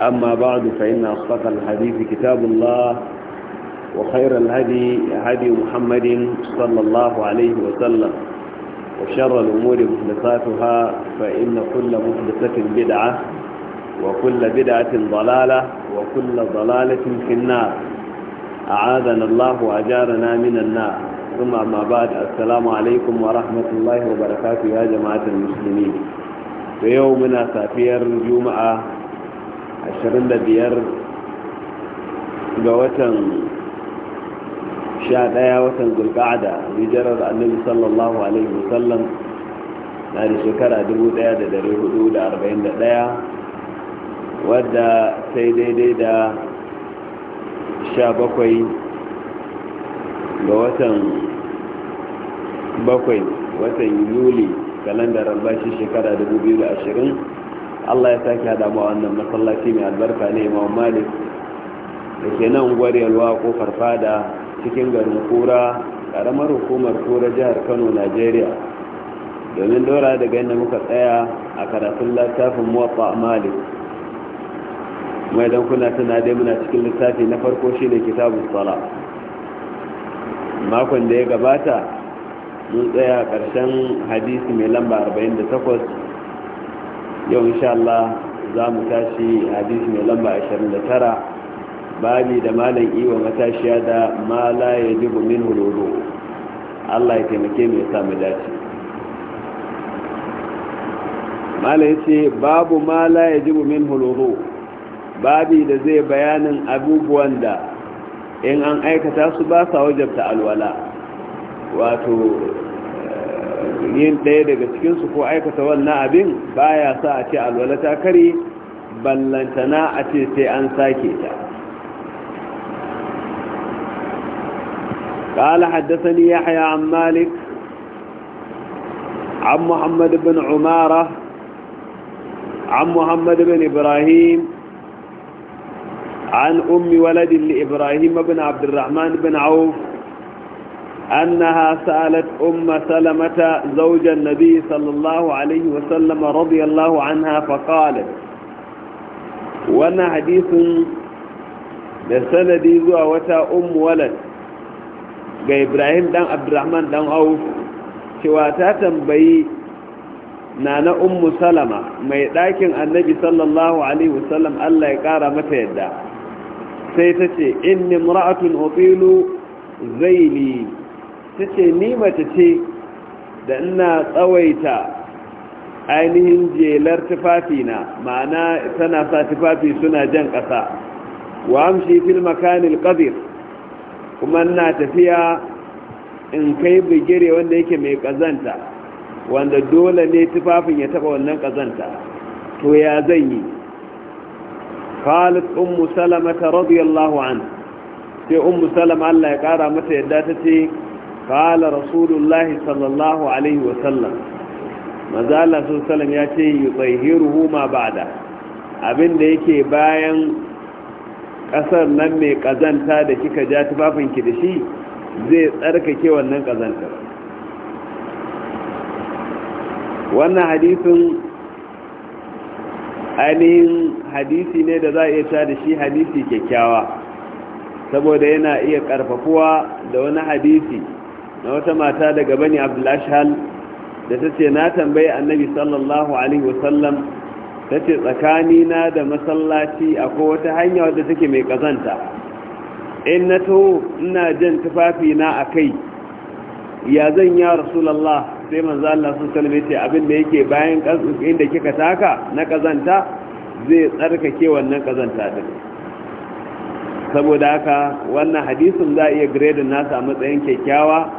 أما بعد فإن أصدق الحديث كتاب الله وخير الهدي هدي محمد صلى الله عليه وسلم وشر الأمور محدثاتها فإن كل محدثة بدعة وكل بدعة ضلالة وكل ضلالة في النار أعاذنا الله وأجارنا من النار ثم أما بعد السلام عليكم ورحمة الله وبركاته يا جماعة المسلمين في يومنا سافير الجمعة 25 ga watan 11 watan zulqa'ada hijirar annabi sallallahu alaihi wasallam na da shekara 1441 wadda sai daidai da 17 ga watan 7 watan yuli kalandar albashi shekara 2020 Allah ya sake hada mu wannan masallaci mai albarka ne Imam Malik da ke nan gwarelwa ko farfada cikin garin kura karamar hukumar kura jihar Kano Najeriya domin dora daga inda muka tsaya a karatun littafin Muwatta Malik mai dan kuna tana dai muna cikin littafi na farko shine kitabun sala makon da ya gabata mun tsaya karshen hadisi mai lamba 48 yau insha Allah za mu tashi hadisi mai lamba 29 babi da malin iwa matashiya da ma la yajibu min hululu Allah ya taimake mai ya sa mu dace malin ce babu ma la yajibu min hululu babi da zai bayanin abubuwan da in an aikata su ba sa wajabta alwala wato yin ɗaya daga cikinsu ko aikata wannan abin ba ya sa a ce alwala kari kare ballantana a ce sai an sake ta ƙala ni ya haya an malik an muhammad bin umara an muhammad bin ibrahim an ummi waladin li ibrahim bin abdurrahman bin auf أنها سألت أم سلمة زوج النبي صلى الله عليه وسلم رضي الله عنها فقالت وانا حديث لسنة زوى أم ولد ga Ibrahim dan Abdurrahman dan Auf cewa ta tambayi nana Ummu Salama mai ɗakin Annabi sallallahu alaihi wasallam Allah ya ƙara mata yadda sai ta ce inni imra'atun zai zaili ta ce ni mace ce da ina tsawaita ainihin jelar tufafi na ma'ana tana sa tufafi suna jan ƙasa wa amshi fil makanil qadir kuma ina tafiya in kai bigire wanda yake mai ƙazanta wanda dole ne tufafin ya taba wannan ƙazanta to ya zan yi قالت أم سلمة رضي الله عنه Allah ya ƙara mata, yadda ta ce. قال رسول الله صلى الله عليه وسلم ما زال الله صلى الله عليه وسلم يطهره ما abin da yake bayan ƙasar nan mai ƙazanta da kika ja tufafinki da shi zai tsarkake wannan ƙazantar wannan hadisin ainihin hadisi ne da za a iya ta da shi hadisi kyakkyawa saboda yana iya ƙarfafuwa da wani hadisi na wata mata daga bani abdulashal da ta ce na tambayi annabi sallallahu alaihi wasallam ta ce tsakanina da masallaci akwai wata hanya wadda take mai kazanta in na taho ina jan tufafina a kai ya zan ya rasulallah sai manzo Allah sun salme ce abin da yake bayan inda kika taka na kazanta zai tsarkake wannan kazanta din saboda haka wannan hadisin za a iya gredin nasa a matsayin kyakkyawa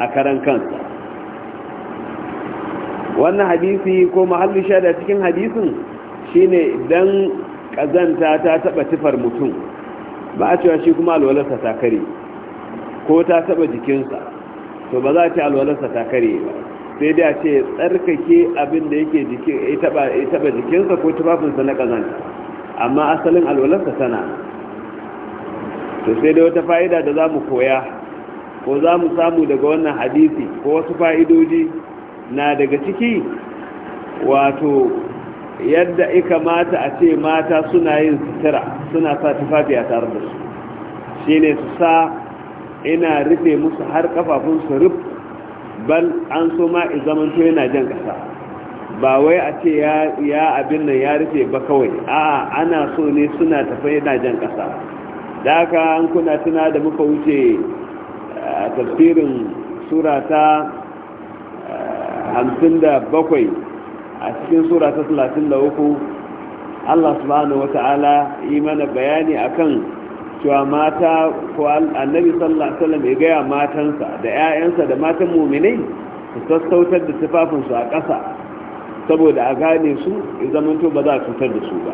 a karan kansa wannan hadisi ko mahallu shaida cikin hadisin shine dan kazanta ta taba tifar mutum ba a cewa shi kuma alwalarsa ta kare ko ta taba jikinsa to ba za a ce alwalarsa ta kare ba sai dai a ce tsarkake abin da yake taba jikinsa ko tufafinsa na kazanta amma asalin alwalarsa tana to sai dai wata fa'ida da za mu koya ko za mu samu daga wannan hadisi ko wasu fa'idoji na daga ciki wato yadda ika mata a ce mata suna yin sutura suna sa tufafi a tare da su shi ne su sa ina rufe musu har kafafun su ruf bal an so ma izamanto yana jan kasa ba wai a ce ya abin nan ya rufe ba kawai a ana so ne suna tafai yana jan ƙasa da haka an kuna tuna da muka wuce a tafsirin sura ta eh, bakwai a cikin sura ta uku Allah subhanahu wata'ala yi mana bayani akan cewa mata ko annabi sallallahu alaihi wasallam ya gaya matansa da 'ya'yansa da matan muminai su sassautar da tufafinsu a ƙasa saboda a gane su zamanto ba za a cutar da su ba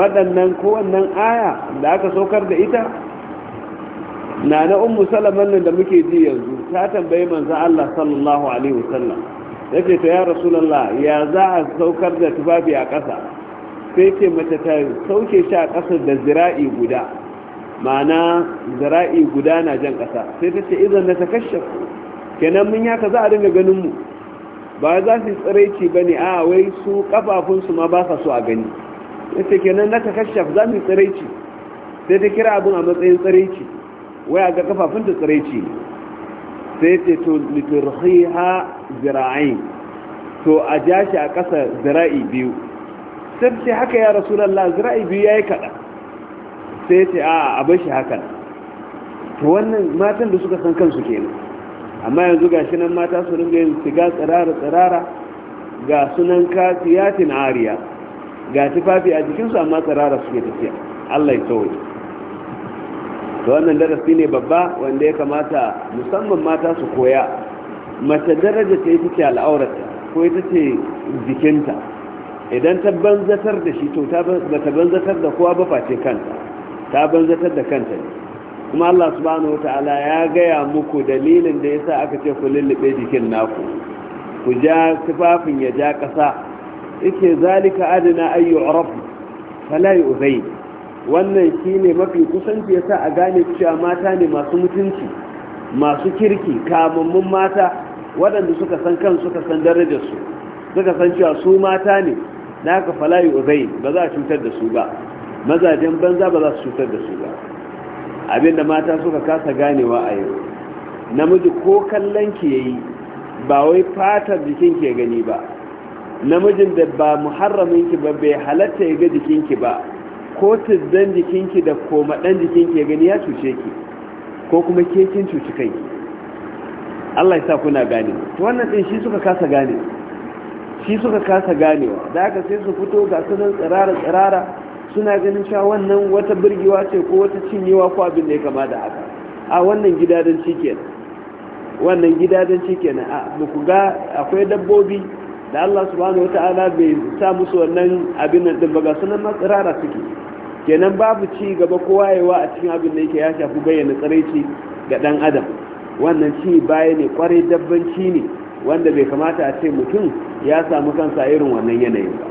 waɗannan kowannan aya da aka saukar da ita na na ummu salaman nan da muke ji yanzu ta tambayi manzo Allah sallallahu alaihi wasallam yace ta ya rasulullah ya za a saukar da tufafi a ƙasa sai ce mace ta sauke shi a ƙasa da zira'i guda ma'ana zira'i guda na jan ƙasa sai ta ce idan na takashshaf kenan mun yaka za a dinga ganin mu ba za su tsiraici bane a wai su kafafun su ma ba sa so a gani yace kenan na takashshaf za mu tsiraici sai ta kira abun a matsayin tsiraici waya ga kafafun ta tsiraici sai ce to liturhiha zira'i to a ja shi a ƙasa zira'i biyu sai ce haka ya rasulallah zira'i biyu ya yi kaɗa sai ce a abin shi haka to wannan matan da suka san kansu kenan amma yanzu ga shi nan mata su ringa yin shiga tsirara tsirara ga sunan katiyatin ariya ga tufafi a jikinsu amma tsirara suke tafiya allah ya tsawaita da wannan darasi ne babba wanda ya kamata musamman mata su koya mace daraja ta yi ce al'aurata, ko ita ce jikinta idan ta banzatar da shi to ta banzatar da kowa ba face kanta ta banzatar da kanta ne kuma Allah subhanahu wata'ala ya gaya muku dalilin da ya sa aka ce ku lullube jikin naku ku ja tufafin ya ja ƙasa yake zalika adana ayyu uraf fala yu'zaini wannan shi ne mafi kusanci ya sa a gane cewa mata ne masu mutunci masu kirki kamammun mata waɗanda suka san kan suka san darajarsu suka san cewa su mata ne na haka falayi uzai ba za a cutar da su ba mazajen banza ba za su cutar da su ba abinda mata suka kasa ganewa a yau namiji ko kallon ki yi, ba wai fatar jikin ki gani ba namijin da ba muharramin ki ba bai halatta ya ga jikin ki ba ko tizdan jikinki da komaɗan jikinki ya gani ya cuce ki ko kuma kekin cuci kai Allah ya sa kuna gane to wannan din shi suka kasa gane shi suka kasa ganewa da aka sai su fito ga sunan tsirara tsirara suna ganin cewa wannan wata birgewa ce ko wata cinyewa ko abin da ya kama da haka a wannan gidadan shi kenan wannan gidadan shi kenan a ku ga akwai dabbobi da Allah subhanahu wata'ala bai sa musu wannan abin nan din ba ga sunan matsirara suke kenan babu ci gaba ko wayewa a cikin abin da yake ya shafi bayyana tsaraici ga dan adam wannan ci baya ne kwarai dabbanci ne wanda bai kamata a ce mutum ya samu kansa irin wannan yanayin ba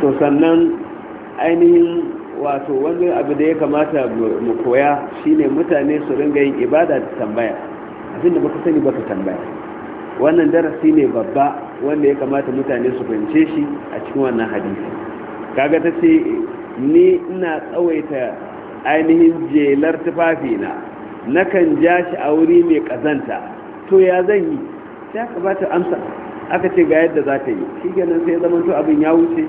to sannan ainihin wato wani abu da ya kamata mu koya shine mutane su ringa yin ibada da tambaya abin da baka sani baka tambaya wannan darasi ne babba wanda ya kamata mutane su fahimce shi a cikin wannan hadisi kaga ta ce ni ina tsawaita ainihin jelar tufafi na nakan ja shi a wuri mai kazanta to ya zan yi sai aka ba amsa aka ce ga yadda za ta yi shi ganin sai zama to abin ya wuce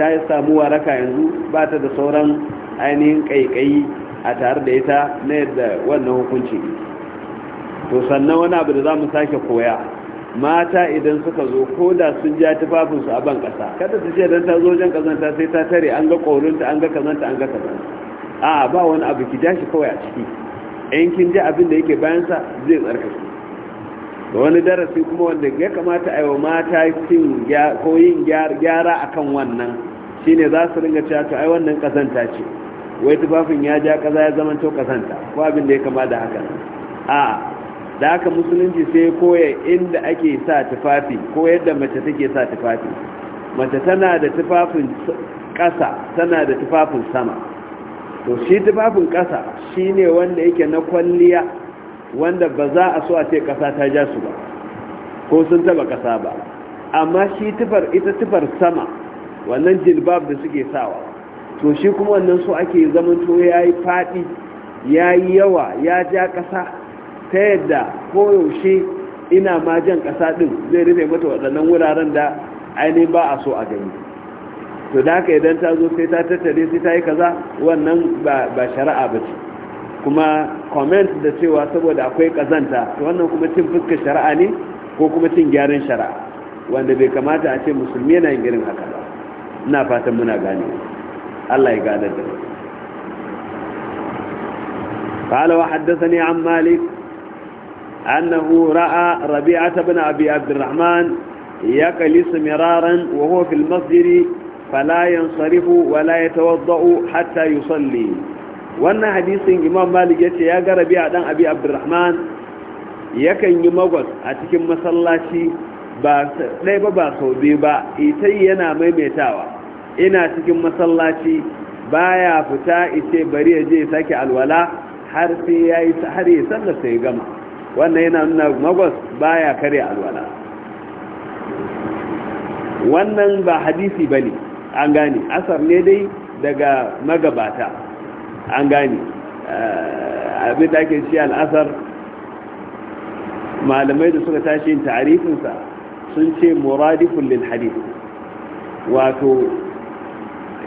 ta yi samu waraka yanzu ba ta da sauran ainihin kaikayi a tare da ita na yadda wannan hukunci to sannan wani abu da za mu sake koya mata idan suka zo ko da sun ja tufafinsu a ban ƙasa kada su ce don ta zo wajen ƙazanta sai ta tare an ga ƙorinta an ga ƙazanta an ga ƙazanta a ba wani abu ki ja shi kawai a ciki in kin ji abin da yake bayansa zai tsarkake da wani darasi kuma wanda ya kamata a yi wa mata ko yin gyara a kan wannan shine za su ringa cewa to ai wannan ƙazanta ce wai tufafin ya ja ƙaza ya zama to ƙazanta ko abin da ya kama da haka a da haka musulunci sai koya inda ake sa tufafi ko yadda mace take sa tufafi mace tana da tufafin ƙasa tana da tufafin sama to shi tufafin ƙasa shi ne wanda yake na kwalliya wanda ba za a so a ce ƙasa ta ja su ba ko sun taba ƙasa ba amma shi tufar ita tufar sama wannan jilbab da suke sawa to shi kuma wannan so ake zamanto ya yi faɗi ya yi yawa ya ja ƙasa ta yadda koyaushe ina ma jan ƙasa ɗin zai rufe mata waɗannan wuraren da ainihin ba a so a gani to da haka idan ta zo sai ta tattare sai ta yi kaza wannan ba shari'a ba ce kuma comment da cewa saboda akwai kazanta to wannan kuma cin fuskar shari'a ne ko kuma cin gyaran shari'a wanda bai kamata a ce musulmi yana yin irin haka ba ina fatan muna gane Allah ya gane da قال وحدثني عن مالك أنه رأى ربيعة بن أبي عبد الرحمن يقلس مرارا وهو في المسجد فلا ينصرف ولا يتوضأ حتى يصلي wannan hadisin imam malik ya ce ya ga rabi'a dan abi abdurrahman yakan yi magwas a cikin masallaci ba ɗaya ba ba sau biyu ba ita yana maimaitawa ina cikin masallaci baya fita ita bari ya je sake alwala har sai ya yi har ya gama wannan yana nuna magwas baya karya alwala wannan ba hadisi ba ne an gane asar ne dai daga magabata an gane eh, abin da ake ciyar al'asar malamai da suka tashi yin ta'arifinsa sun ce muradifun lil hadisi wato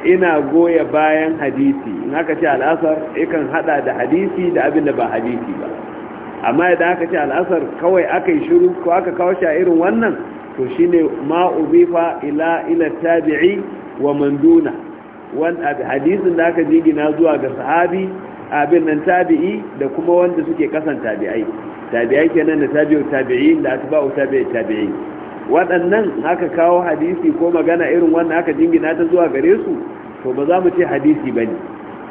ina goya bayan hadisi in aka ce al'asar ikan hada da hadisi da abin da ba hadisi ba amma idan aka ce al'asar kawai aka yi shiru ko aka kawo shi a irin wannan to shine ma ubifa ila ila tabi'i wa manduna hadisin da aka jingina zuwa ga sahabi abin nan tabi'i da kuma wanda suke kasan tabi'ai tabi'ai kenan da tabi'u tabi'in da atba'u tabi'i tabi'i waɗannan aka kawo hadisi ko magana irin wannan aka jingina ta zuwa gare su to ba za mu ce hadisi bane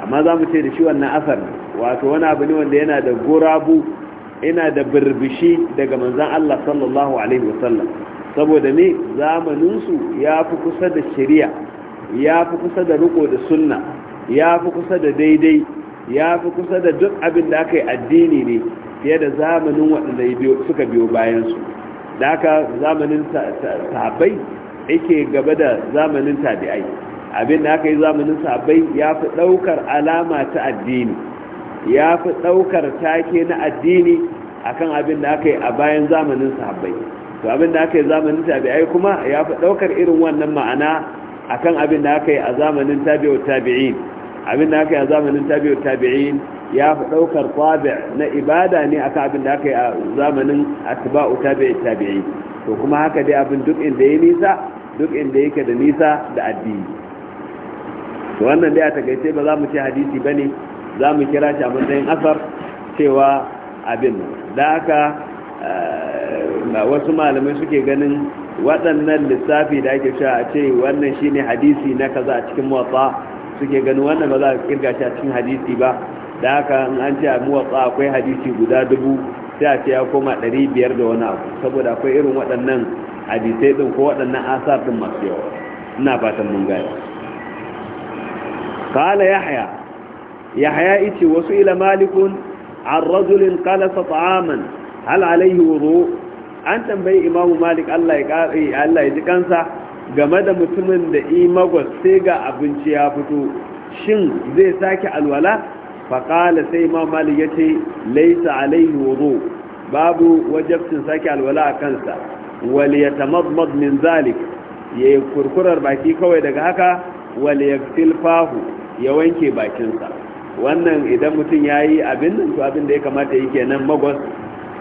amma za mu ce da shi wannan asar wato wani abu ne wanda yana da gurabu ina da birbishi daga manzan Allah sallallahu alaihi wasallam saboda ne zamaninsu ya fi kusa da shari'a ya fi kusa da riko da sunna ya fi kusa da daidai ya fi kusa da duk abin da aka yi addini ne fiye da zamanin waɗanda suka biyo bayansu da haka zamanin sahabbai yake gaba da zamanin tabi'ai abin da aka yi zamanin sahabbai ya fi ɗaukar alama ta addini ya fi ɗaukar take na addini akan abin da aka yi a bayan zamanin sahabbai to abin da aka yi zamanin tabi'ai kuma ya fi ɗaukar irin wannan ma'ana akan abin da aka yi a zamanin tabi'u tabi'in abin da aka yi a zamanin tabi'u tabi'in ya fi ɗaukar tabi' na ibada ne akan abin da aka yi a zamanin atba'u tabi'i tabi'in to kuma haka dai abin duk inda ya nisa duk inda yake da nisa da addini to wannan dai a takaice ba za mu ce hadisi bane za mu kira shi a matsayin asar cewa abin da aka eh, wasu malamai suke ganin waɗannan lissafi da ake sha a ce wannan shi ne hadisi na kaza a cikin muwatsa suke ganin wannan ba za a kirga shi a cikin hadisi ba da aka an ce a muwatsa akwai hadisi guda dubu sai a ce ya koma ɗari biyar da wani abu saboda akwai irin waɗannan hadisai ɗin ko waɗannan asar ɗin masu yawa ina fatan mun gani قال يحيى yahaya yace wasu ila malikun an rajulin qalasa ta'aman hal alayhi wudu an tambayi imamu malik Allah ya ya ji kansa game da mutumin da magos sai ga abinci ya fito shin zai sake alwala faqala sai imamu malik yace laisa alaihi wudu babu wajabcin sake alwala a kansa ya yatamadmad min zalik ya kurkurar baki kawai daga haka ya yaktil fahu ya wanke bakinsa wannan idan mutum ya yi abin nan to abin da ya kamata yi kenan magos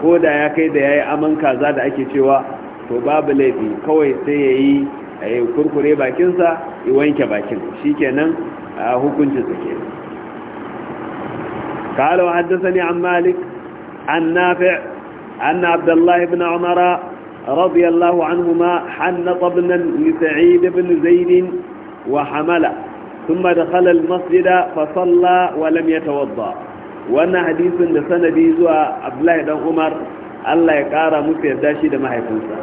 ko da ya kai da ya yi aman kaza da ake cewa to babu laifi kawai sai ya yi a kurkure bakinsa ya wanke bakin shi kenan a hukuncin sa ke قال an عن مالك عن نافع أن عبد الله بن عمر رضي الله عنهما حنط ابنا لسعيد بن زيد وحمله ثم دخل المسجد فصلى ولم يتوضا وانا Wani ده da sanadi zuwa الله Dan Umar, الله ya ƙara musu yarda shi da mahaifinsa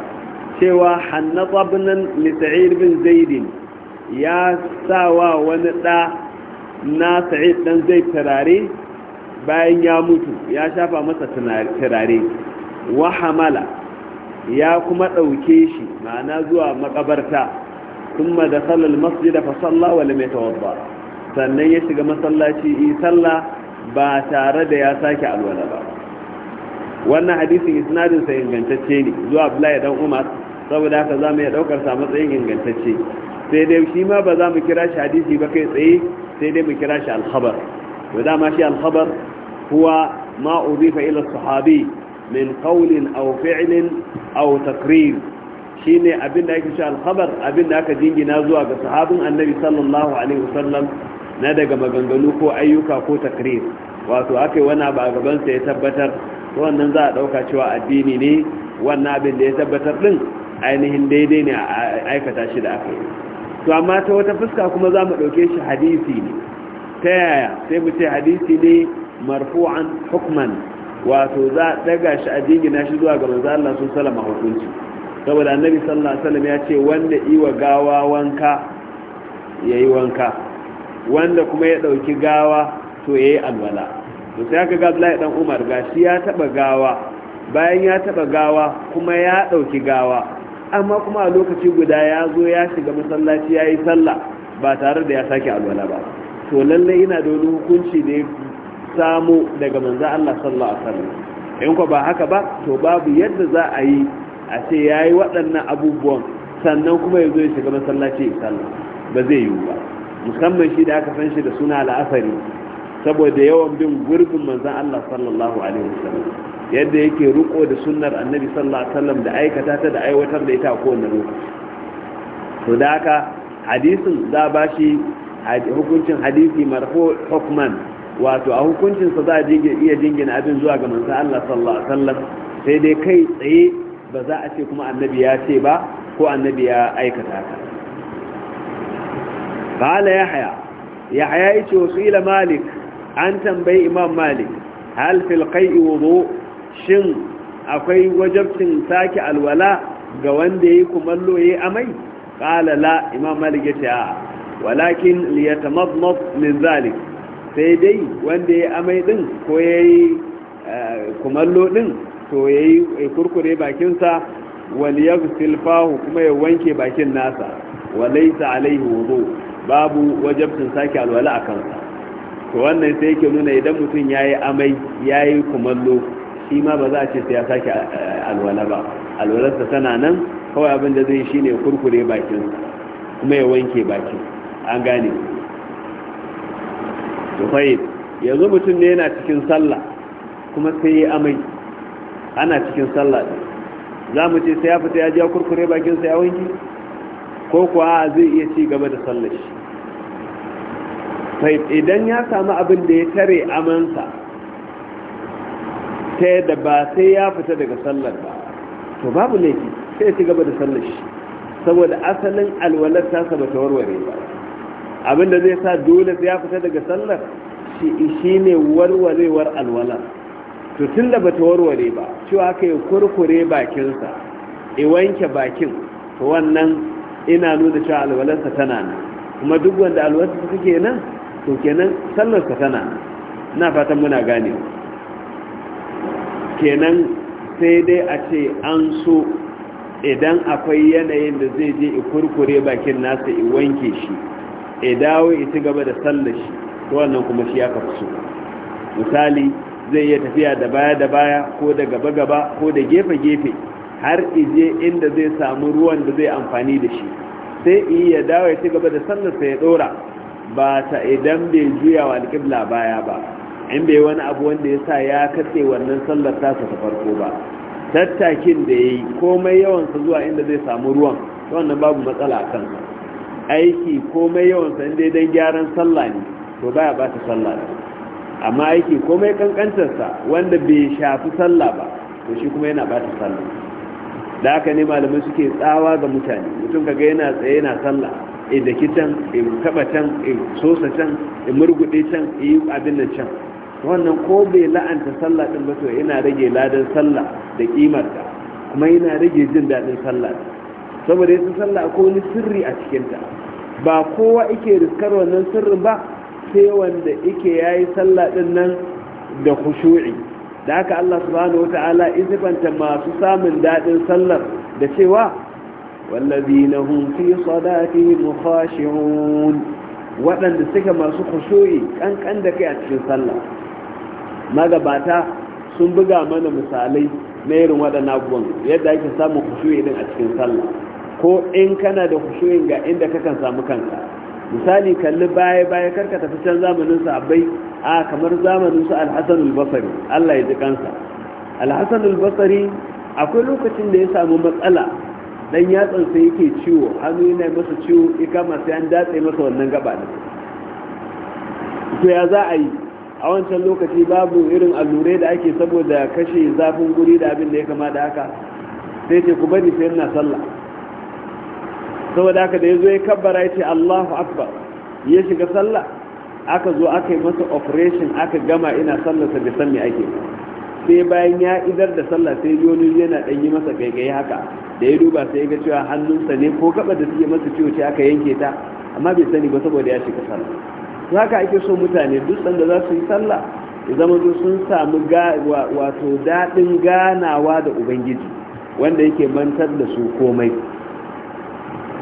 cewa hannata ibn li sa'id bin zaid ya sawa wani da na sa'id dan zai tarare bayan ya mutu ya shafa masa turare wa hamala ya kuma ɗauke shi ma'ana zuwa makabarta ثم دخل المسجد فصلى ولم يتوضا sannan ya shiga masallaci yi sallah ba tare da ya sake alwala ba wannan hadisin isnadin ingantacce ne zuwa Abdullahi dan Umar saboda haka za mu ya daukar sa matsayin ingantacce sai dai shi ma ba za mu kira shi hadisi ba kai tsaye sai dai mu kira shi al-khabar to dama shi al-khabar huwa ma udifa ila sahabi min qawlin aw fi'lin aw takrir Shi ne abin da yake cewa alhabar abin da aka jingina zuwa ga sahabin annabi sallallahu alaihi wasallam na daga maganganu ko ayyuka ko takrir wato aka yi wani ba a gaban sa ya tabbatar to wannan za a dauka cewa addini ne wannan abin da ya tabbatar din ainihin daidai ne a aikata shi da aka yi to amma ta wata fuska kuma za mu ɗauke shi hadisi ne ta yaya sai mu ce hadisi ne marfu'an hukman wato za a ɗaga shi a jingina shi zuwa ga manzo Allah sun salama hukunci saboda annabi sallallahu alaihi wasallam ya ce wanda iwa gawa wanka yayi wanka wanda kuma ya dauki gawa to yayi alwala to sai aka ga Abdullahi dan Umar gashi ya taba gawa bayan ya taba gawa kuma ya dauki gawa amma kuma a lokaci guda ya zo ya shiga masallaci ya yi sallah ba tare da ya sake alwala ba to lallai ina da wani hukunci da ya samu daga manzo Allah sallallahu alaihi wasallam in ko ba haka ba to babu yadda za a yi a ce ya yi waɗannan abubuwan sannan kuma ya zo ya shiga masallaci ya sallah ba zai yiwu ba musamman shi da aka san shi da suna al'asari saboda yawan bin gurbin manzan Allah sallallahu alaihi wasallam yadda yake riko da sunnar annabi sallallahu alaihi wasallam da aikata ta da aiwatar da ita a kowane lokaci to da haka hadisin za ba shi hukuncin hadisi marfu hukman wato a hukuncinsa za a iya jingina abin zuwa ga manzan Allah sallallahu alaihi wasallam sai dai kai tsaye ba za a ce kuma annabi ya ce ba ko annabi ya aikata ka qala yahya yahya yace ila malik an tambayi imam malik hal fil qai'i shin akwai wajabcin sake alwala ga wanda yayi kumallo yayi amai qala la imam malik yace a walakin liyatamadmad min zalik sai dai wanda yayi amai din ko yayi eh, kumallo din to yayi ya kurkure bakinsa wal yaghsil fahu kuma ya wanke bakin nasa walaysa alaihi wudu babu wajabtin sake alwala a kansa to wannan sai yake nuna idan mutum yayi amai yayi kumallo shi ma ba za a ce sai ya sake eh, alwala ba alwalarsa tana nan kawai abin da zai shine kurkure bakin kuma ya wanke bakin an gane to yanzu mutum ne yana cikin sallah kuma sai ya amai ana cikin sallah za mu ce sai ya fita ya ji ya kurkure bakinsa ya wanki ko kuwa zai iya ci gaba da sallar shi sai idan ya samu abin da ya tare amansa ta yadda ba sai ya fita daga sallar ba to babu laifi sai ya ci gaba da sallar shi saboda asalin alwalar ta saba ta warware ba abin da zai sa dole sai ya fita daga sallar shi ne warwarewar alwalar to tun da bata warware ba cewa aka yi kurkure bakinsa i wanke bakin to wannan ina nuna cewa alwalarsa tana nan kuma duk wanda alwalarsa suke nan to kenan sallarsa tana nan na fatan muna gane kenan sai dai a ce an so idan akwai yanayin da zai je i kurkure bakin nasa i wanke shi i dawo i ci gaba da sallar shi wannan kuma shi ya kafa so misali zai iya tafiya da baya da baya ko da gaba gaba ko da gefe gefe har ije inda zai samu ruwan da zai amfani da shi sai ya dawo ya ci gaba da sallarsa ya dora ba ta idan bai juya wa alƙibla baya ba in bai wani abu wanda ya sa ya katse wannan sallar tasa ta farko ba tattakin da ya yi komai yawansa zuwa inda zai samu ruwan wannan babu matsala a aiki komai yawansa inda ya dan gyaran sallah ne to baya ba ta sallah amma aiki komai kankantarsa wanda bai shafi sallah ba to shi kuma yana bata sallah da haka ne malamai suke tsawa ga mutane mutum kaga yana tsaye yana sallah in da kitan in taba can in sosa can in murgude can in yi abin da can wannan ko bai la'anta sallah din ba to yana rage ladan sallah da ƙimarta kuma yana rage jin daɗin sallah saboda yasa sallah akwai wani sirri a cikinta ba kowa yake riskar wannan sirrin ba sai wanda yake yayi sallah din nan da khushu'i da haka Allah subhanahu wata'ala izibanta masu samun daɗin sallar da cewa wallazina hum fi salatihim khashi'un waɗanda suka masu khushu'i ƙanƙan da kai a cikin sallah magabata sun buga mana misalai na irin waɗannan abubuwan yadda ake samun khushu'i din a cikin sallah ko in kana da khushu'in ga inda kakan samu kanka misali kalli baya baya karka tafi can zamanin sahabbai a kamar zamanin su alhassan basri allah ya ji kansa alhassan basri akwai lokacin da ya samu matsala dan yatsan sai yake ciwo hannu yana masa ciwo ya kama sai an datse masa wannan gaba ne to ya za a yi a wancan lokaci babu irin allurai da ake saboda kashe zafin guri da abin da ya kama da haka sai ce ku bari sai ina sallah saboda haka da ya zo ya kabbara ya ce allahu akbar ya shiga sallah aka zo aka yi masa operation aka gama ina sallarsa da san mai ake sai bayan ya idar da sallah sai yoni yana dan yi masa gaigai haka da ya duba sai ga cewa hannunsa ne ko gaba da suke masa ciwo ce aka yanke ta amma bai sani ba saboda ya shiga sallah to haka ake so mutane duk sanda za su yi sallah ya zama sun samu wato daɗin ganawa da ubangiji wanda yake mantar da su komai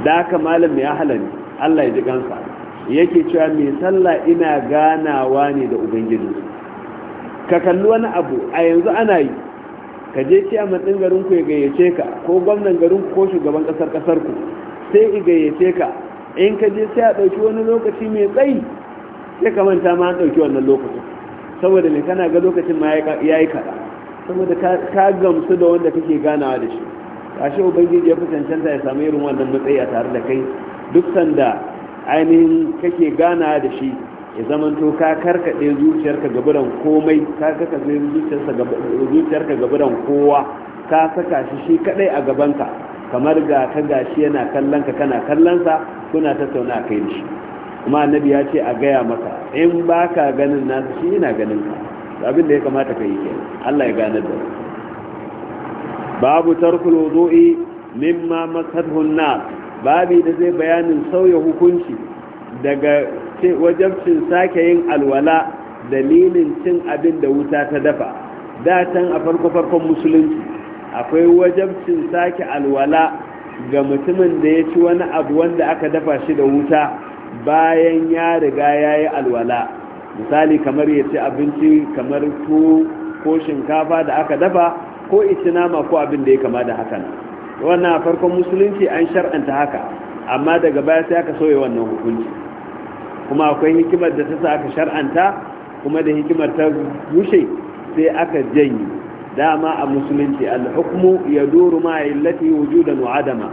da malam ya halani Allah ya ji gansa yake cewa mai sallah ina ganawa ne da ubangiji ka kalli wani abu a yanzu ana yi ka je ce a matsin garin ya gayyace ka ko gwamnan garinku ko shugaban kasar kasar ku sai i gayyace ka in ka je sai a ɗauki wani lokaci mai tsayi sai ka manta ma an ɗauki wannan lokacin saboda mai kana ga lokacin ma ya yi kaɗa saboda ka gamsu da wanda kake ganawa da shi ashe ubangiji ya fi cancanta ya sami irin wannan matsayi a tare da kai duk sanda ainihin kake gana da shi ya zamanto ka karkaɗe zuciyarka gaburan komai ka karkaɗe zuciyarka gaburan kowa ka saka shi shi kaɗai a gabanka kamar ga ka gashi yana kallon ka kana kallonsa kuna tattauna kai da shi kuma annabi ya ce a gaya maka in baka ganin nasu shi yana ganin ka abin da ya kamata ka yi kenan allah ya ganar da babu tarkul wudu'i mimma masadhu an-nar babi da zai bayanin sauya hukunci daga wajabcin sake yin alwala dalilin cin abin da wuta ta dafa Da datan a farko farkon musulunci akwai wajabcin sake alwala ga mutumin da ya ci wani abu wanda aka dafa shi da wuta bayan ya riga ya yi alwala misali kamar ya ci abinci kamar tuwo ko shinkafa da aka dafa ko itinama ko abin da ya kama da hakan wannan a farkon musulunci an shar'anta haka amma daga baya sai aka soya wannan hukunci kuma akwai hikimar da ta sa aka shar'anta kuma da hikimar ta rushe sai aka janyi dama a musulunci al-hukmu yaduru ma illati wujudan wa adama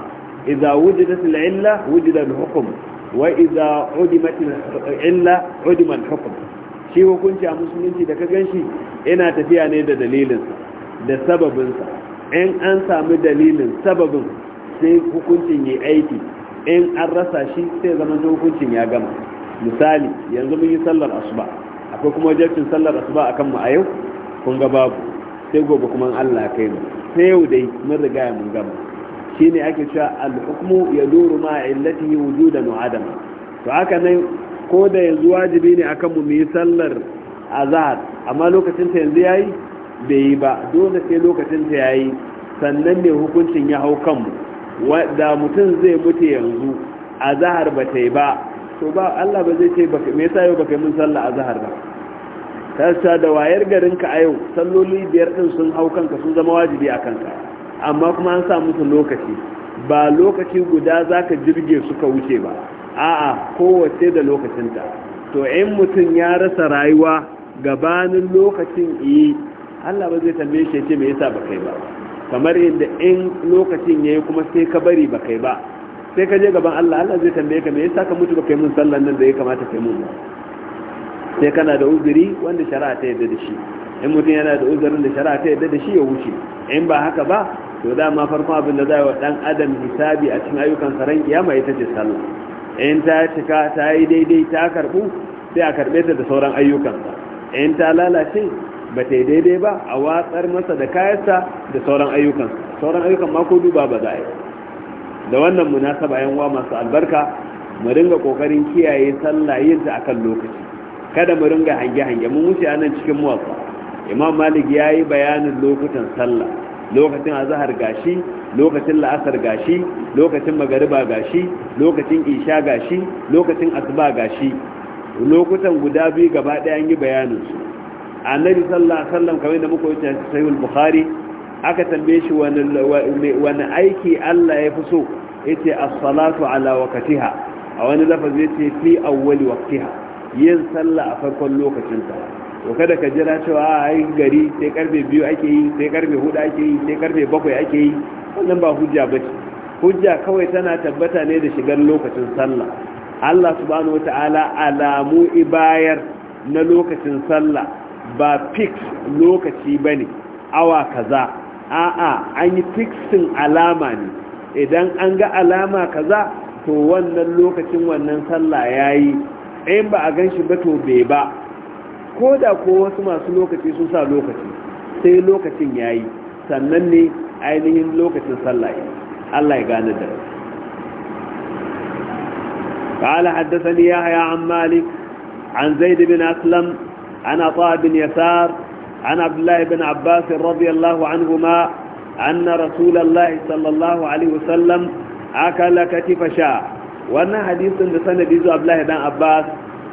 idza wujidat al-illa wujida al-hukm wa idza udimat al-illa udima al-hukm shi hukunci a musulunci da ka ganshi yana tafiya ne da dalilinsa da sababinsa in an sami dalilin sababin sai hukuncin yi aiki in an rasa shi sai zama hukuncin ya gama misali yanzu mun yi sallar asuba akwai kuma wajen sallar asuba a mu a yau kun ga babu sai gobe kuma Allah kai mu sai yau dai mun riga mun gama shine ake cewa al-hukmu yaduru ma illatihi wujudan wa adama to haka nan ko da yanzu wajibi ne akan mu mu yi sallar azahar, amma lokacin ta yanzu yayi bai yi ba dole sai lokacin ta yayi sannan ne hukuncin ya hau kanmu da mutum zai mutu yanzu a zahar ba ta yi ba to ba Allah ba zai ce me yasa yau ba yi mun sallah a zahar ba ta da wayar garin ka a yau salloli biyar din sun hau kanka sun zama wajibi a kanka amma kuma an sa musu lokaci ba lokaci guda zaka jirge suka wuce ba a'a kowace da lokacinta to in mutum ya rasa rayuwa gabanin lokacin yi Allah ba zai tambaye shi ce me yasa ba kai ba kamar yadda in lokacin yayi kuma sai ka bari ba kai ba sai ka je gaban Allah Allah zai tambaye ka me yasa ka mutu ba kai mun sallan nan da ya kamata kai mun ba sai kana da uzuri wanda shari'a ta yarda da shi in mutum yana da uzurin da shari'a ta yarda da shi ya wuce in ba haka ba to dama farkon abin da za wa dan adam hisabi a cikin ayyukan ran kiyama ita ce sallah in ta cika ta yi daidai ta karbu sai a karɓe ta da sauran ayyukan in ta lalace ba ta yi daidai ba a watsar masa da kayansa da sauran ayyukan sauran ayyukan ma duba ba za a yi da wannan munasaba yan wa masu albarka mu ringa kokarin kiyaye sallah yin ta akan lokaci kada mu ringa hange hange mun wuce a nan cikin muwaffa imam malik ya yi bayanin lokutan sallah lokacin azahar gashi lokacin la'asar gashi lokacin magariba gashi lokacin isha gashi lokacin asuba gashi lokutan guda biyu gaba ɗaya an yi bayanin su annabi sallallahu alaihi wasallam kamar da muka yi sahihul bukhari aka tambaye shi wani aiki Allah ya fi so yace as-salatu ala waqtiha a wani lafazi yace fi awwali waqtiha yin sallah a farkon lokacin ta to kada ka jira cewa a ai gari sai karfe biyu ake yi sai karfe hudu ake yi sai karfe bakwai ake yi wannan ba hujja bace hujja kawai tana tabbata ne da shigar lokacin sallah Allah subhanahu wataala alamu ibayar na lokacin sallah ba fix lokaci ba ne awa kaza a'a an yi fixin alama ne idan an ga alama kaza to wannan lokacin wannan sallah ya yi ɗayan ba a gan shi ba to bai ba ko da ko wasu masu lokaci sun sa lokaci sai lokacin ya yi sannan ne ainihin lokacin sallah ya Allah ya gane da قال حدثني يحيى عن مالك عن زيد بن أسلم عن عطاء بن يسار عن عبد الله بن عباس رضي الله عنهما أن رسول الله صلى الله عليه وسلم أكل كتف شاء وأن حديث لسنة بيزو عبد الله بن عباس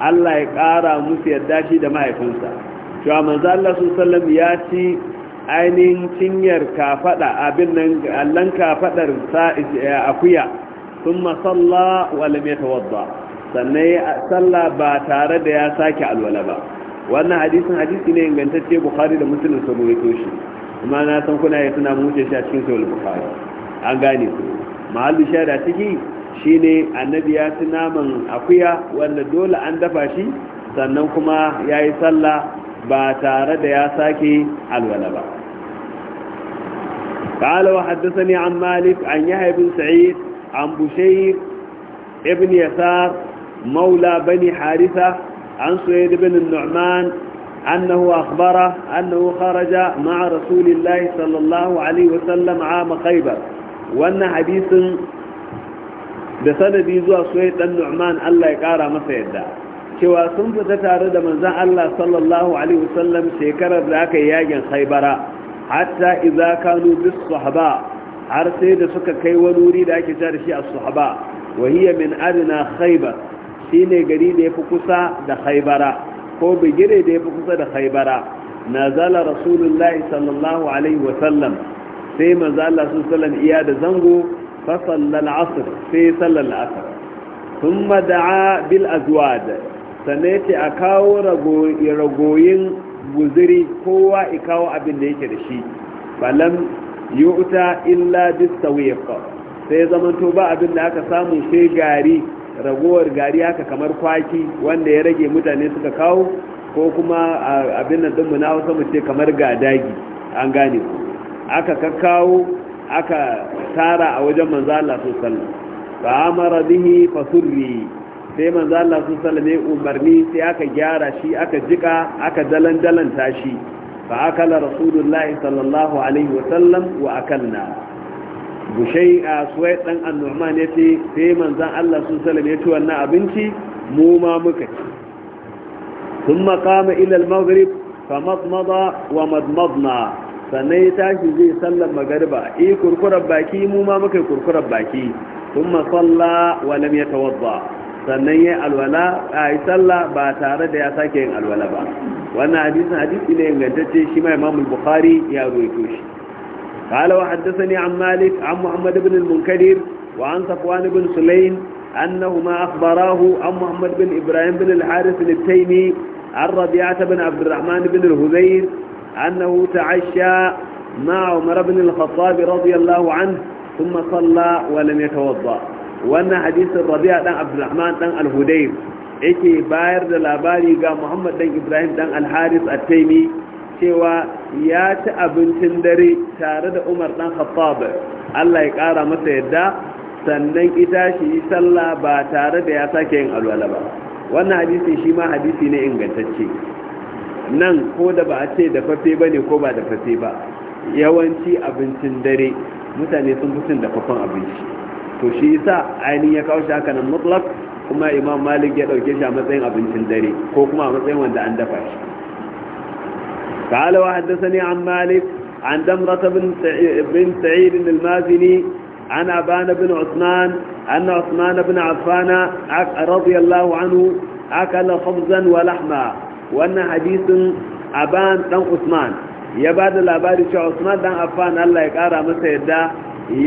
الله يقارى موسى الداشي دماء يكونسا شو من ذا الله صلى الله عليه وسلم ياتي ainihin cinyar kafaɗa abin nan allan kafadar akuya sun masalla wa lam yatawadda sannan sallah ba tare da ya sake alwala ba wannan hadisin hadisi ne ingantacce bukhari da muslim sun rubuto shi kuma na san kuna yi suna muce shi a cikin sahih bukhari an gane ku mahallu shaida ciki shine annabi ya ci naman akuya wanda dole an dafa shi sannan kuma ya yi sallah ba tare da ya sake alwala ba قال وحدثني عن مالك عن يحيى بن سعيد عن بشير ابن يسار مولى بني Harisa. عن سويد بن النعمان أنه أخبره أنه خرج مع رسول الله صلى الله عليه وسلم عام خيبر وأن حديث بسند يزوى سويد النعمان الله يقارى مسيدا cewa sun fita tare da manzan Allah sallallahu Alaihi wasallam shekarar da aka yi yagen haibara hatta iza kanu bis sahaba har sai da suka kai wani da ake tare shi a sahaba wahiyya min adina khaibar shine gari da ya fi kusa da haibara ko bigire da ya fi kusa da haibara na zala rasulullahi sallallahu alaihi wasallam sai maza Allah su iya da zango fa sallal asr sai sallal asr thumma da'a bil azwad ya ce a kawo ragoyin buziri kowa i kawo abin da yake da shi falam yu'ta illa bis sawiq sai zamanto ba abin da aka samu sai gari ragowar gari haka kamar kwaki wanda ya rage mutane suka kawo ko kuma abin nan dinmu na wasu mu ce kamar gadagi an gane ku aka kakkawo aka tara a wajen manzo Allah sallallahu alaihi wasallam fa amara bihi surri sai manzo Allah su umarni sai aka gyara shi aka jika aka dalandalanta shi fa akala rasulullahi sallallahu alaihi wa sallam wa akalna bushai a suwai dan annu'man ya ce sai manzan Allah sun salam ya ci wannan abinci mu ma muka ci sun makama ilal maghrib fa madmada wa madmadna sannan ya tashi zai sallar magariba e kurkurar baki mu ma muka kurkurar baki sun masalla wa lam tawadda sannan ya alwala a yi sallah ba tare da ya sake yin alwala ba wannan hadisin hadisi ne ingantacce shi ma imamul bukhari ya ruwaito shi قال وحدثني عن مالك عن محمد بن المنكدر وعن صفوان بن سليم أنهما أخبراه عن محمد بن إبراهيم بن الحارث التيمي عن ربيعة بن عبد الرحمن بن الهذيل أنه تعشى مع عمر بن الخطاب رضي الله عنه ثم صلى ولم يتوضأ وأن حديث الربيع بن عبد الرحمن بن الهذيل yake باير دلاباري محمد بن إبراهيم بن الحارث التيمي cewa ya ci abincin dare tare da umar ɗan khattab Allah ya kara masa yadda sannan ita shi yi sallah ba tare da ya sake yin alwala ba wannan hadisi shi ma hadisi ne ingantacce nan ko da ba a ce da fafe ba ne ko ba da fafe ba yawanci abincin dare mutane sun fi cin dafaffen abinci to shi yasa ainihin ya kawo shi haka nan mutlak kuma imam malik ya dauke shi a matsayin abincin dare ko kuma a matsayin wanda an dafa shi قال وحدثني عن مالك عن دمرة بن بن سعيد المازني عن أبان بن عثمان أن عثمان بن عفان رضي الله عنه أكل خبزا ولحما وأن حديث أبان بن عثمان ya ba da labari cewa usman dan affan allah ya kara masa yadda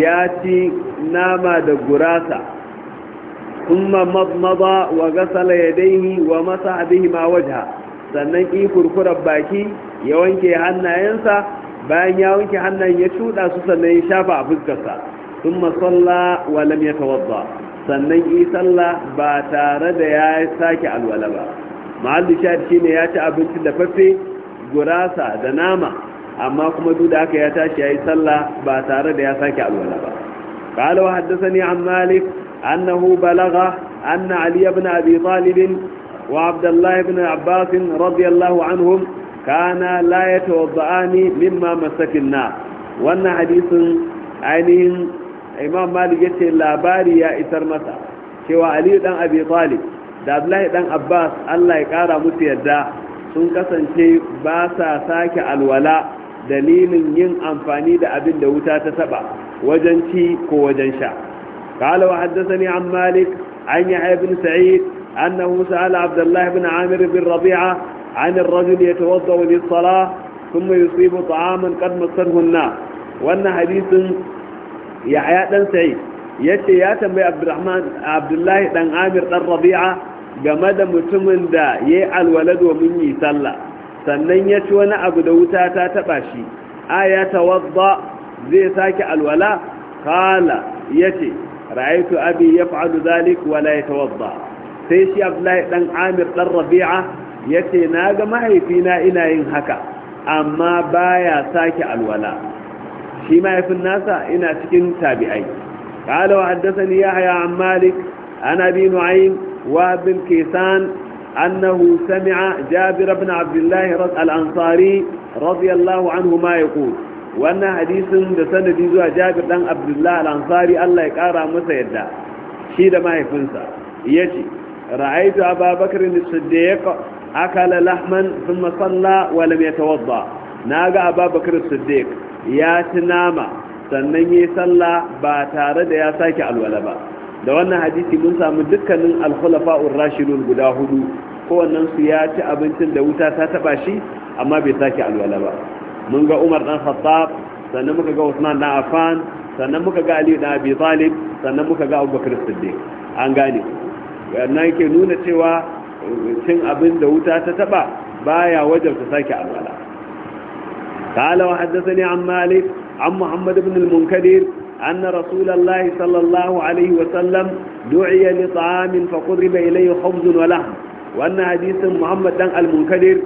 ya ci nama da gurasa kuma mazmaza wa wa masa bihi ma wajha sannan yi kurkurar baki ya wanke hannayensa bayan ya wanke hannayen ya cuɗa su sannan ya shafa a fuskarsa sun masalla wa lam ya tawadda sannan yi sallah ba tare da ya sake alwala ba mahallu shahid ne ya ci abinci da fafe gurasa da nama amma kuma duk da haka ya tashi ya yi sallah ba tare da ya sake alwala ba قال وحدثني عن مالك أنه بلغ أن علي بن أبي طالب وعبد الله بن عباس رضي الله عنهم كانا لا يتوضعان مما مسك النار وانا حديث عينهم imam malik ya ce labari ya isar masa cewa ali dan abi da abdullahi dan abbas allah ya kara musu yadda sun kasance ba sa sake alwala dalilin yin amfani da abinda wuta ta saba wajen ci ko wajen sha قال وحدثني عن مالك عن يحيى بن سعيد أنه سأل عبد الله بن عامر بن ربيعة عن الرجل يتوضأ للصلاة ثم يصيب طعاما قد مسره النار وأن حديث يحيى بن سعيد yace ya tambayi Abdurrahman Abdullahi dan Amir dan Rabi'a game da mutumin da yi alwala domin yi sallah sannan ya ci wani abu da wuta ta taba shi aya tawadda zai sake alwala qala yace ra'aytu abi yaf'alu dhalik wa la yatawadda sai shi abdullahi ɗan amir ɗan rabi'a yace na ga mahaifina ina yin haka amma baya sake alwala shi mahaifin nasa ina cikin tabi'ai qala wa haddathani yahya an malik an abi nu'aym wa bin kisan annahu sami'a jabir ibn abdullah al-ansari radiyallahu anhu ma yaqul wannan hadisin da sanadi zuwa jabir dan abdullah al-ansari Allah ya kara masa yadda shi da mahaifinsa yace رأيت أبا بكر الصديق أكل لحما ثم صلى ولم Na ناقى أبا بكر الصديق يا تنامى sannan ya salla ba tare da ya sake alwala ba da wannan hadisi mun samu dukkanin alkhulafa'ur rashidun guda hudu kowannen su ya ci abincin da wuta ta taba shi amma bai sake alwala ba mun ga Umar dan Khattab sannan muka ga Usman dan Affan sannan muka ga Ali dan Abi Talib sannan muka ga Abu Siddiq an gane na ke nuna cewa eh, cin abin da wuta ta taba baya wajabta sake alwala قال Ibn al-Munkadir, عن محمد بن sallallahu alaihi wa sallam, صلى الله عليه وسلم دعي لطعام فقرب إليه خبز Wannan hadisin Muhammad Dan al-Munkadir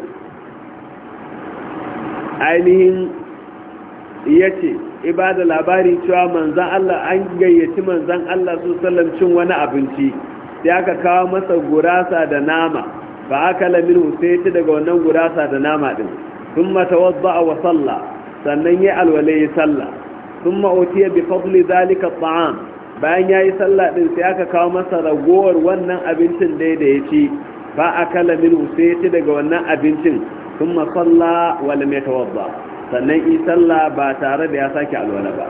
ainihin ya ce ibada labari cewa manzan Allah an gayyaci manzan Allah sallam cin wani abinci sai aka kawo masa gurasa da nama ba aka laminu sai ya daga wannan gurasa da nama din sun mata wadda a wasalla sannan ya alwale ya salla sun ma'otiya bi fadli zalika ta'am bayan ya yi salla din sai aka kawo masa ragowar wannan abincin dai da ya ci ba aka laminu sai ya daga wannan abincin sun masalla wa lam ya tawadda sannan yi salla ba tare da ya sake alwala ba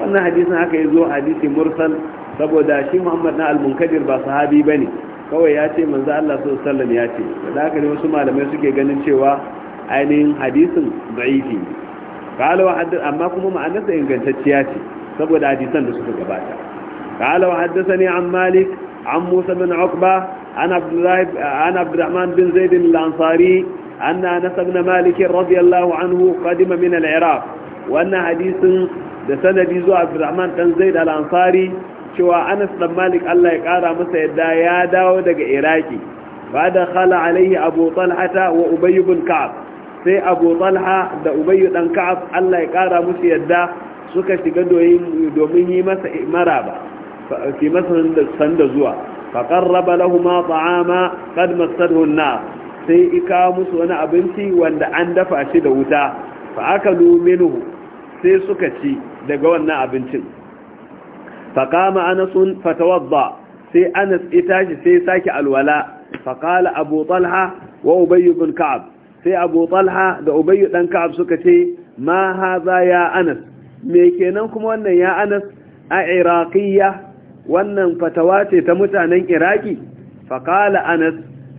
wannan hadisin haka ya zo hadisi mursal saboda shi muhammad na almunkadir ba sahabi ba ne kawai ya ce manzo allah su sallam ya ce da haka ne wasu malamai suke ganin cewa ainihin hadisin da'ifi قال وحدث أما amma kuma إن ingantacciya ce, saboda hadisan da suka gabata. وحدثني عن مالك عن موسى بن عقبة عن عبد, الله عن عبد الرحمن بن زيد الأنصاري أن أنس بن مالك رضي الله عنه قدم من العراق da sanadi zuwa abdurrahman dan zaid al-ansari cewa anas dan malik allah ya kara masa yadda ya dawo daga iraki ba da khala alaihi abu talhata wa ubayy bin ka'ab sai abu talha da ubayy dan ka'ab allah ya kara musu yadda suka shiga domin yi masa maraba fi sanda zuwa فقرب لهما طعاما قد مسته النار sai ika musu wani abinci wanda an dafa shi da wuta fa aka minhu sai suka ci daga wannan abincin faƙama anasun fatawadda sai anas ita shi sai sake alwala faƙala abu talha wa ubayyu bin ka'ab sai abu talha da ubayyu ɗan ka'ab suka ce ma haza ya anas me kenan kuma wannan ya anas a wannan fatawa ce ta mutanen iraki faƙala anas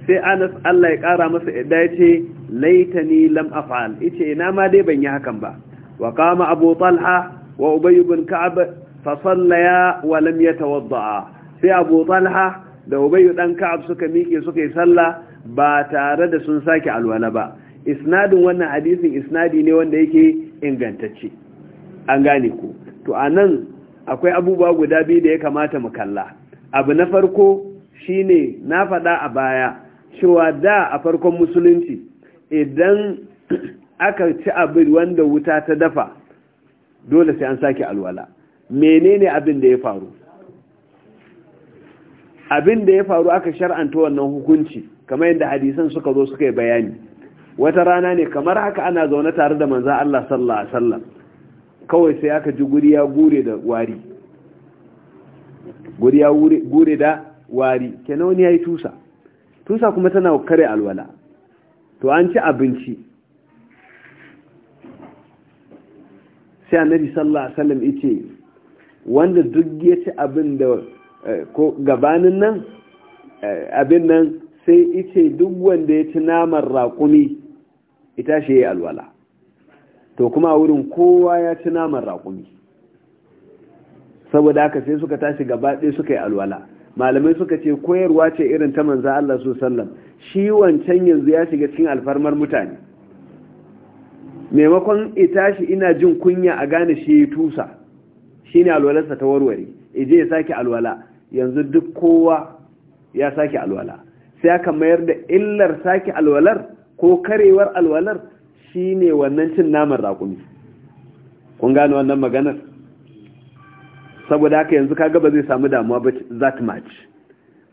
sai anas allah ya ƙara masa ɗaya ce laitani lam af'al ice ina ma dai ban yi hakan ba وقام أبو طلحة وأبي بن كعب فصليا ولم يتوضعا في أبو طلحة da ubayyu ɗan ka'ab suka miƙe suka yi sallah ba tare da sun sake alwala ba isnadin wannan hadisin isnadi ne wanda yake ingantacce an gane ku to anan akwai abubuwa guda biyu da ya kamata mu kalla abu na farko shine na faɗa a baya cewa a farkon musulunci idan aka ci abin wanda wuta ta dafa dole sai an sake alwala menene abin da ya faru abin da ya faru aka shar'anta wannan hukunci kamar yadda hadisan suka zo suka yi bayani wata rana ne kamar haka ana zaune tare da manzan Allah sallallahu alaihi wasallam kawai sai aka ji guri ya gure da wari guri ya gure da wari kenan wani yayi tusa tusa kuma tana kare alwala to an ci abinci sai annabi sallallahu alaihi wasallam yace wanda duk ya ci abin da eh, ko gabanin nan eh, abin nan sai yace duk wanda ya ci naman raƙumi ita shi ya alwala to kuma wurin kowa ya ci naman raƙumi saboda haka sai suka tashi gaba ɗaya suka yi alwala malamai suka ce koyarwa ce irin ta manzo Allah alaihi wasallam shi wancan yanzu ya shiga cikin alfarmar mutane maimakon ita shi ina jin kunya a gane shi tusa shi ne alwalarsa ta warware ije ya sake alwala yanzu duk kowa ya sake alwala sai aka mayar da illar sake alwalar ko karewar alwalar shi ne wannan cin naman rakumi kun gane wannan maganar saboda haka yanzu kaga ba zai samu damuwa ba that much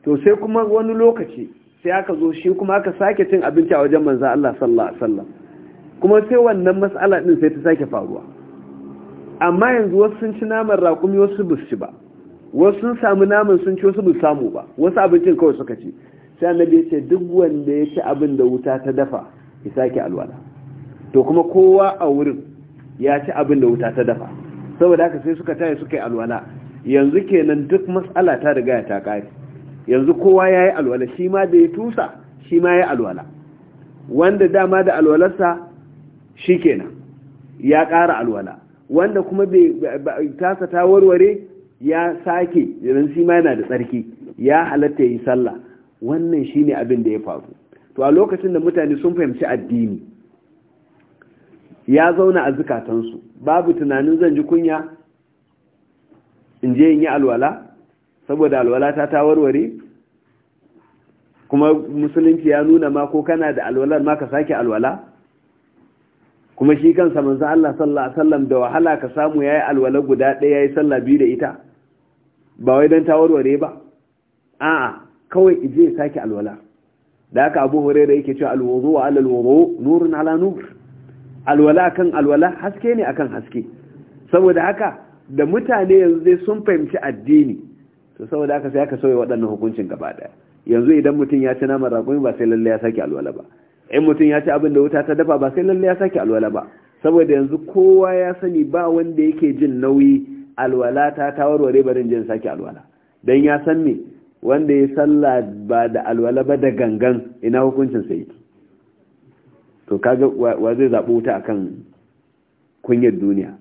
to sai kuma wani lokaci sai aka zo shi kuma aka sake cin abinci a wajen manzan Allah sallallahu alaihi wasallam kuma sai wannan matsala din sai ta sake faruwa amma yanzu wasu sun ci naman raƙumi wasu basu ci ba wasu sun samu naman sun ci wasu ba samu ba wasu abincin kawai suka ci sai annabi ya ce duk wanda ya ci abin da wuta ta dafa ya sake alwala to kuma kowa a wurin ya ci abin da wuta ta dafa saboda haka sai suka taya suka yi alwala yanzu kenan duk matsala ta riga ta kare yanzu kowa ya yi alwala shi ma da ya tusa shi ma ya yi alwala wanda dama da alwalarsa shikenan ya ƙara alwala wanda kuma bai tasa ta warware ya sake idan shi ma yana da tsarki ya halatta yi sallah wannan shine abin da ya faru to a lokacin da mutane sun fahimci addini ya zauna a zukatansu babu tunanin zan ji kunya in je in yi alwala saboda alwala ta ta warware kuma musulunci ya nuna ma ko kana da alwalar ma ka sake alwala kuma shi kansa manzo Allah sallallahu alaihi wasallam da wahala ka samu yayi alwala guda ɗaya yayi sallah biyu da ita ba wai dan ta warware ba a'a kawai ije ya sake alwala da haka Abu Hurairah yake cewa alwudu ala alwudu nurun ala nur alwala kan alwala haske ne akan haske saboda haka da mutane yanzu dai sun fahimci addini to saboda haka sai aka sauya waɗannan hukuncin gaba ɗaya yanzu idan mutum ya ci naman raƙumi ba sai lalle ya sake alwala ba in mutum ya ci abin da wuta ta dafa ba sai lalle ya sake alwala ba saboda yanzu kowa ya sani ba wanda yake jin nauyi alwala ta ta warware barin jin sake alwala dan ya san me wanda ya salla ba da alwala ba da gangan ina hukuncin sa yake to kaga wa zai zaɓi wuta akan kunyar duniya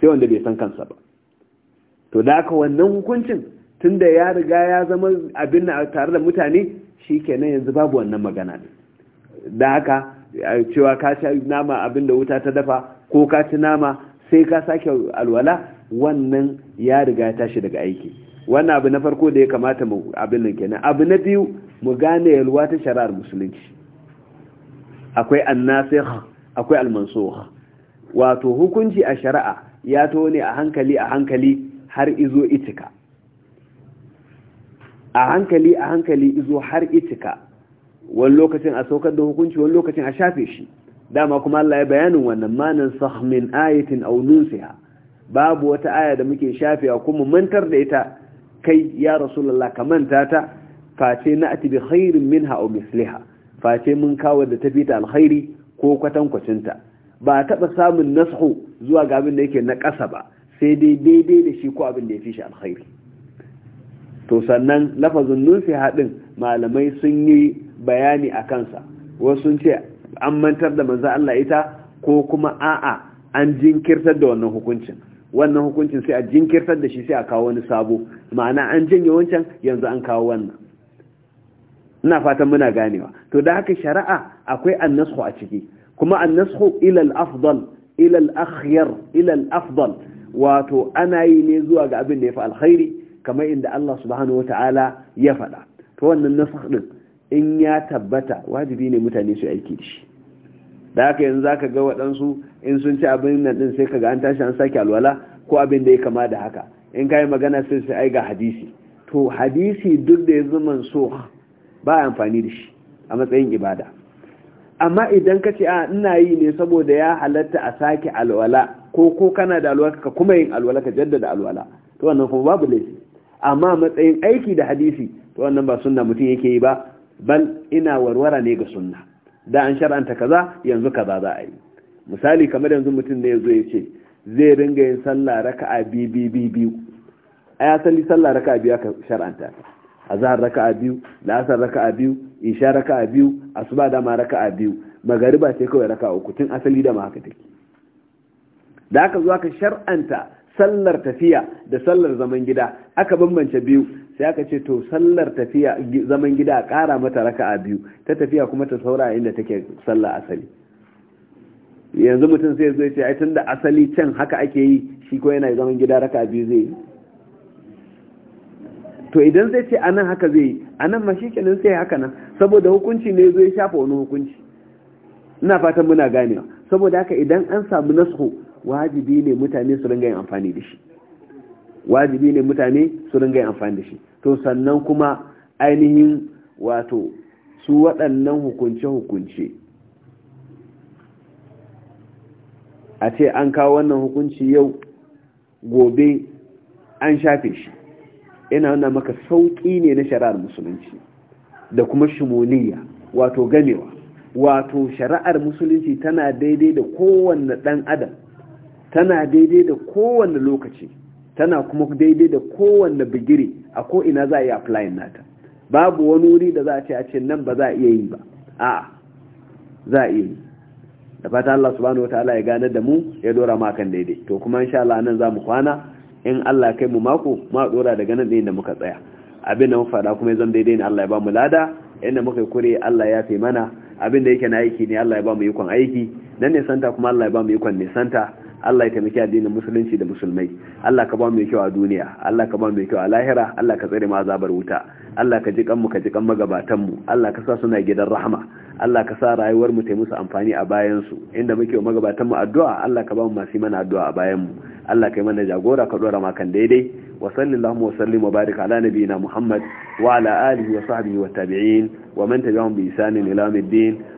sai wanda bai san kansa ba to da aka wannan hukuncin tunda ya riga ya zama abin tare da mutane shi shikenan yanzu babu wannan magana ne da haka cewa ka ci nama abinda wuta ta dafa ko ka ci nama sai ka sake alwala wannan ya riga ya tashi daga aiki wannan abu na farko da ya kamata mu abin nan kenan abu na biyu mu gane yalwa ta shari'ar musulunci akwai annasikh akwai almansukh wato hukunci a shari'a ya to ne a hankali a hankali har izo itika a hankali a hankali izo har itika wani lokacin a saukar da hukunci wani lokacin a shafe shi dama kuma Allah ya bayanin wannan manan sahmin ayatin aw nusiha babu wata aya da muke shafewa kuma mantar da ita kai ya rasulullah ka manta ta face na ati bi khairin minha aw misliha face mun kawo da tafi ta alkhairi ko kwatankwacin ta ba taba samun nashu zuwa ga abin da yake na kasa ba sai dai daidai da shi ko abin da ya fi shi alkhairi to sannan lafazin nusiha din malamai sun yi bayani a kansa wasu sun ce an mantar da manzan Allah ita ko kuma a'a an jinkirtar da wannan hukuncin wannan hukuncin sai a jinkirtar da shi sai a kawo wani sabo ma'ana an janye wancan yanzu an kawo wannan ina fatan muna ganewa to da haka shari'a akwai annashu a ciki kuma annashu ila al-afdal ila al-akhyar ila al-afdal wato ana yi ne zuwa ga abin da ya fi alkhairi kamar inda Allah subhanahu wataala ya faɗa to wannan nasakh din in ya tabbata wajibi ne mutane su aiki da shi da haka yanzu za ka ga waɗansu in sun ci abin nan ɗin sai ka ga an tashi an sake alwala ko abin da ya kama da haka in ka yi magana sai su aiga hadisi to hadisi duk da ya zama so ba a amfani da shi a matsayin ibada amma idan ka ce a ina yi ne saboda ya halatta a sake alwala ko ko kana da alwala ka kuma yin alwala ka jaddada alwala to wannan kuma babu laifi amma matsayin aiki da hadisi to wannan ba sunna mutum yake yi ba bal ina warwara ne ga sunna da an shar'anta kaza yanzu kaza za a yi misali kamar yanzu mutum ne yazo ya ce zai ringa yin sallah raka'a biyu biyu ya salli sallah raka'a biyu aka shar'anta azhar raka'a biyu la'asar raka'a biyu isha raka'a biyu asuba da ma raka'a biyu magariba ce kawai raka'a uku tun asali da ma haka take da aka zo aka shar'anta sallar tafiya da sallar zaman gida aka bambance biyu sai aka ce to sallar tafiya zaman gida a ƙara mata raka a biyu ta tafiya kuma ta saura inda take sallar asali yanzu mutum sai zai ce ai da asali can haka ake yi shi ko yana zaman gida raka a biyu zai yi to idan zai ce anan haka zai yi anan ma shi kenan sai haka nan saboda hukunci ne zai shafa wani hukunci ina fatan muna ganewa saboda haka idan an samu nasu wajibi ne mutane su ringa yin amfani da shi wajibi ne mutane su ringa yin amfani da shi to sannan kuma ainihin wato su waɗannan hukunce-hukunce a ce an kawo wannan hukunci yau gobe an shafe shi ina wannan maka sauƙi ne na shari'ar musulunci da kuma shimoniya wato gamewa wato shari'ar musulunci tana daidai da kowanne ɗan adam tana daidai da kowanne lokaci tana kuma daidai da kowanne bigiri, a ko ina za a yi applying nata babu wani wuri da za a ce a ce nan ba za a iya yi ba a za a iya yi da fata Allah subhanahu wataala ya gane da mu ya dora makan daidai to kuma insha Allah nan zamu kwana in Allah kai mu mako ma dora daga nan din da muka tsaya abin da mu fada kuma zan daidai ne Allah ya ba mu lada inda muka yi kure Allah ya fi mana abin da yake na aiki ne Allah ya ba mu ikon aiki nan ne santa kuma Allah ya ba mu ikon ne santa Allah ya taimaki addinin musulunci da musulmai Allah ka ba mu kyau a duniya Allah ka ba mu kyau a lahira Allah ka tsare mu azabar wuta Allah ka ji kan mu ka ji kan magabatan mu Allah ka sa suna gidan rahama Allah ka sa rayuwar mu ta musu amfani a bayan su inda muke magabatan mu addu'a Allah ka ba mu masu mana addu'a a bayan mu Allah ka yi mana jagora ka dora makan daidai wa sallallahu wa sallim wa barik ala nabiyina Muhammad wa ala alihi wa sahbihi wa tabi'in wa man tabi'ahum bi ihsanin ila yawmiddin